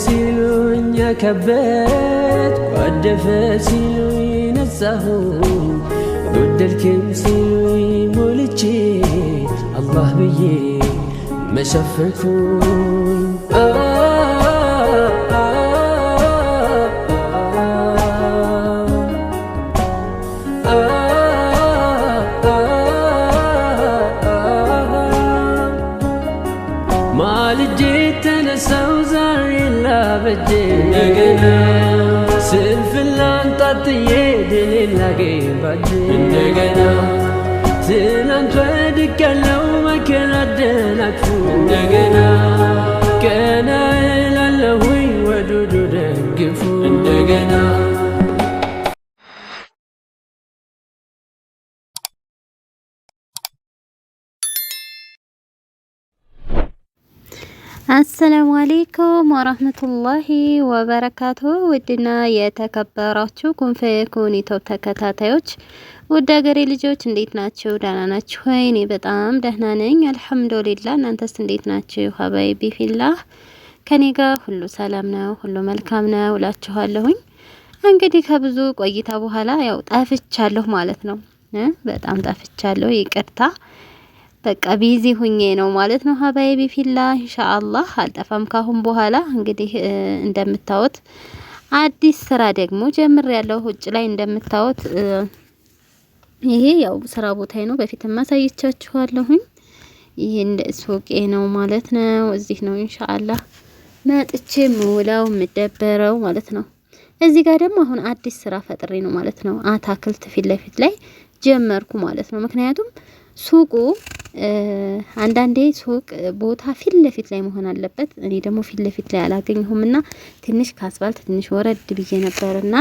ሲሉኝ ያከበድኩ አደፈ ሲሉኝ ነሳሁ ጎደልክም ሲሉኝ ሞልቼ አላህ ብዬ መሸፈንኩኝ ማልጄ ተነሳው አብጄ እንደገና ስዕል ጣጥዬ ድሌን ላገኝ ባጅ እንደገና ትናንት ወድቅ ያለው መከራ አደናቅፉ እንደገና አሰላሙ አሌይኩም ወረህመቱላሂ ወበረካቱ። ውድና የተከበራችሁ ኩንፌኩን ኢትዮ ተከታታዮች ውድ ሀገሬ ልጆች እንዴት ናችሁ? ደህና ናችሁ ወይ? እኔ በጣም ደህና ነኝ አልሐምዱሊላ። እናንተስ እንዴት ናችሁ? ሀባይቢ ፊላህ ከኔ ጋር ሁሉ ሰላም ነው፣ ሁሉ መልካም ነው እላችኋለሁኝ። እንግዲህ ከብዙ ቆይታ በኋላ ያው ጠፍቻለሁ ማለት ነው። በጣም ጠፍቻለሁ፣ ይቅርታ በቃ ቢዚ ሁኜ ነው ማለት ነው። ሀባይ ቢፊላ ኢንሻአላህ አልጠፋም። ካሁን በኋላ እንግዲህ እንደምታዩት አዲስ ስራ ደግሞ ጀምር ያለው ውጭ ላይ እንደምታዩት ይሄ ያው ስራ ቦታዬ ነው። በፊትም አሳይቻችኋለሁኝ። ይሄ እንደ ሱቄ ነው ማለት ነው። እዚህ ነው ኢንሻአላህ መጥቼ ምውለው ምደበረው ማለት ነው። እዚህ ጋር ደግሞ አሁን አዲስ ስራ ፈጥሬ ነው ማለት ነው። አታክልት ፊት ለፊት ላይ ጀመርኩ ማለት ነው። ምክንያቱም ሱቁ አንዳንዴ ሱቅ ቦታ ፊት ለፊት ላይ መሆን አለበት። እኔ ደግሞ ፊት ለፊት ላይ አላገኘሁም እና ትንሽ ከአስፋልት ትንሽ ወረድ ብዬ ነበር እና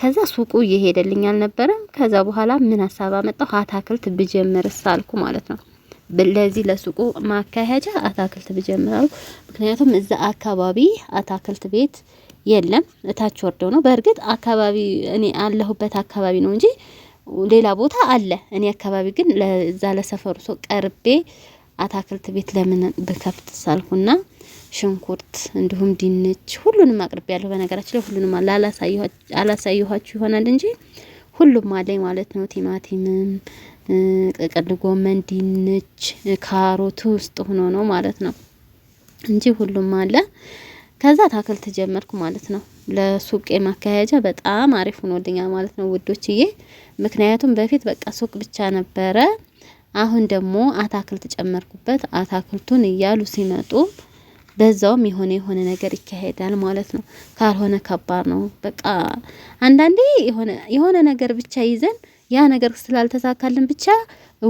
ከዛ ሱቁ እየሄደልኝ አልነበረም። ከዛ በኋላ ምን ሀሳብ አመጣሁ? አታክልት ብጀምርስ አልኩ ማለት ነው። ለዚህ ለሱቁ ማካሄጃ አታክልት ብጀምር አልኩ። ምክንያቱም እዛ አካባቢ አታክልት ቤት የለም፣ እታች ወርደው ነው። በእርግጥ አካባቢ እኔ አለሁበት አካባቢ ነው እንጂ ሌላ ቦታ አለ። እኔ አካባቢ ግን ለዛ ለሰፈሩ ሰው ቀርቤ አታክልት ቤት ለምን ብከፍት ሳልኩና ሽንኩርት እንዲሁም ድንች ሁሉንም አቅርቤ ያለሁ። በነገራችን ላይ ሁሉንም አላሳየኋችሁ ይሆናል እንጂ ሁሉም አለኝ ማለት ነው። ቲማቲምም፣ ቅቅል ጎመን፣ ድንች፣ ካሮቱ ውስጥ ሆኖ ነው ማለት ነው እንጂ ሁሉም አለ። ከዛ አታክልት ጀመርኩ ማለት ነው። ለሱቅ ማካሄጃ በጣም አሪፍ ሆኖልኛል ማለት ነው ውዶችዬ። ምክንያቱም በፊት በቃ ሱቅ ብቻ ነበረ። አሁን ደግሞ አታክልት ጨመርኩበት። አታክልቱን እያሉ ሲመጡ በዛውም የሆነ የሆነ ነገር ይካሄዳል ማለት ነው። ካልሆነ ከባድ ነው። በቃ አንዳንዴ የሆነ ነገር ብቻ ይዘን ያ ነገር ስላልተሳካልን ብቻ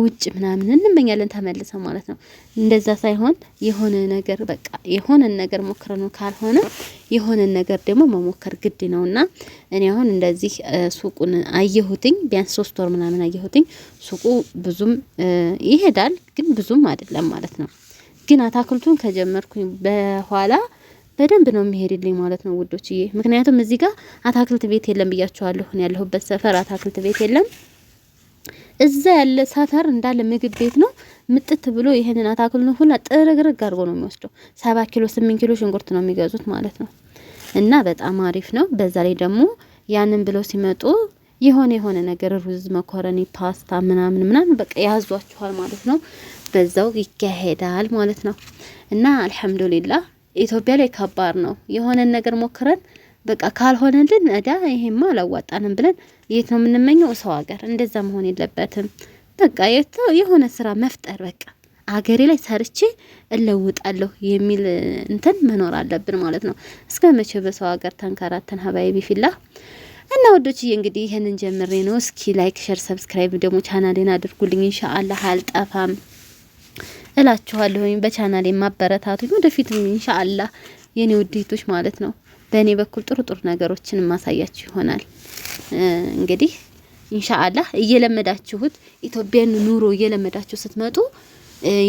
ውጭ ምናምን እንመኛለን ተመልሰ ማለት ነው። እንደዛ ሳይሆን የሆነ ነገር በቃ የሆነን ነገር ሞክረ ነው። ካልሆነ የሆነን ነገር ደግሞ መሞከር ግድ ነው እና እኔ አሁን እንደዚህ ሱቁን አየሁትኝ ቢያንስ ሶስት ወር ምናምን አየሁትኝ። ሱቁ ብዙም ይሄዳል ግን ብዙም አይደለም ማለት ነው። ግን አታክልቱን ከጀመርኩኝ በኋላ በደንብ ነው የሚሄድልኝ ማለት ነው ውዶችዬ። ምክንያቱም እዚህ ጋር አታክልት ቤት የለም ብያቸዋለሁ። ያለሁበት ሰፈር አታክልት ቤት የለም። እዛ ያለ ሰፈር እንዳለ ምግብ ቤት ነው። ምጥት ብሎ ይሄንን አታክልቱን ሁላ ጥርግርግ አድርጎ ነው የሚወስደው። ሰባ ኪሎ ስምንት ኪሎ ሽንኩርት ነው የሚገዙት ማለት ነው። እና በጣም አሪፍ ነው። በዛ ላይ ደግሞ ያንን ብለው ሲመጡ የሆነ የሆነ ነገር ሩዝ፣ መኮረኒ፣ ፓስታ ምናምን ምናምን በቃ ያዟችኋል ማለት ነው። በዛው ይካሄዳል ማለት ነው። እና አልሐምዱሊላህ ኢትዮጵያ ላይ ከባድ ነው። የሆነን ነገር ሞክረን በቃ ካልሆነልን እዳ ይሄማ አላዋጣንም ብለን የት ነው የምንመኘው? ሰው ሀገር። እንደዛ መሆን የለበትም። በቃ የሆነ ስራ መፍጠር በቃ አገሬ ላይ ሰርቼ እለውጣለሁ የሚል እንትን መኖር አለብን ማለት ነው። እስከ መቼ በሰው ሀገር ተንከራተን? ሀባይ ቢፊላ እና ወዶችዬ እንግዲህ ይህንን ጀምሬ ነው። እስኪ ላይክ፣ ሸር፣ ሰብስክራይብ ደግሞ ቻናሌን አድርጉልኝ። ኢንሻአላህ አልጠፋም። እላችኋለሁኝ። በቻናል የማበረታቱኝ ወደፊትም ኢንሻአላህ የኔ ውዴቶች ማለት ነው። በእኔ በኩል ጥሩ ጥሩ ነገሮችን ማሳያችሁ ይሆናል። እንግዲህ ኢንሻአላህ እየለመዳችሁት ኢትዮጵያን ኑሮ እየለመዳችሁ ስትመጡ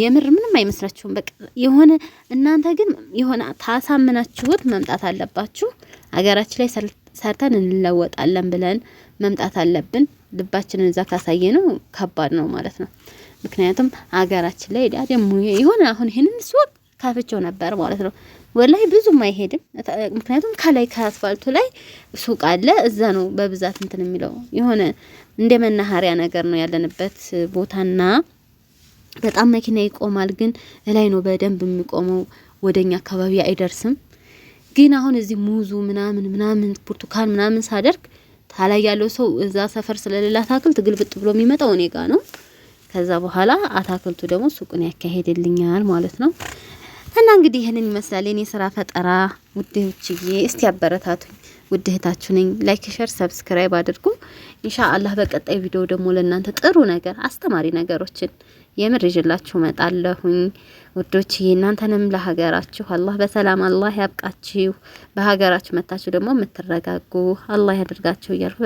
የምር ምንም አይመስላችሁም። በቃ የሆነ እናንተ ግን የሆነ ታሳምናችሁት መምጣት አለባችሁ። አገራችን ላይ ሰርተን እንለወጣለን ብለን መምጣት አለብን። ልባችንን እዛ ካሳየ ነው ከባድ ነው ማለት ነው። ምክንያቱም አገራችን ላይ ዳ ደግሞ ይሆን አሁን ይህንን ስወቅ ካፍቸው ነበር ማለት ነው። ወላይ ብዙም አይሄድም። ምክንያቱም ከላይ ከአስፋልቱ ላይ ሱቅ አለ። እዛ ነው በብዛት እንትን የሚለው የሆነ እንደ መናኸሪያ ነገር ነው ያለንበት ቦታና በጣም መኪና ይቆማል። ግን እላይ ነው በደንብ የሚቆመው። ወደኛ አካባቢ አይደርስም። ግን አሁን እዚህ ሙዙ ምናምን ምናምን ብርቱካን ምናምን ሳደርግ ታላይ ያለው ሰው እዛ ሰፈር ስለሌላ ታክል ትግልብጥ ብሎ የሚመጣው እኔ ጋ ነው። ከዛ በኋላ አታክልቱ ደግሞ ሱቁን ያካሄድልኛል ማለት ነው። እና እንግዲህ ይህንን ይመስላል የኔ ስራ ፈጠራ። ውድ እህቶችዬ እስቲ አበረታቱኝ። ውድ ነኝ። ላይክ፣ ሸር፣ ሰብስክራይብ አድርጉ። ኢንሻአላህ በቀጣይ ቪዲዮ ደግሞ ለእናንተ ጥሩ ነገር አስተማሪ ነገሮችን የምር ይዤላችሁ መጣለሁኝ። ውዶችዬ እናንተንም ለሀገራችሁ አላህ በሰላም አላህ ያብቃችሁ። በሀገራችሁ መታችሁ ደግሞ የምትረጋጉ አላህ ያደርጋችሁ እያልኩ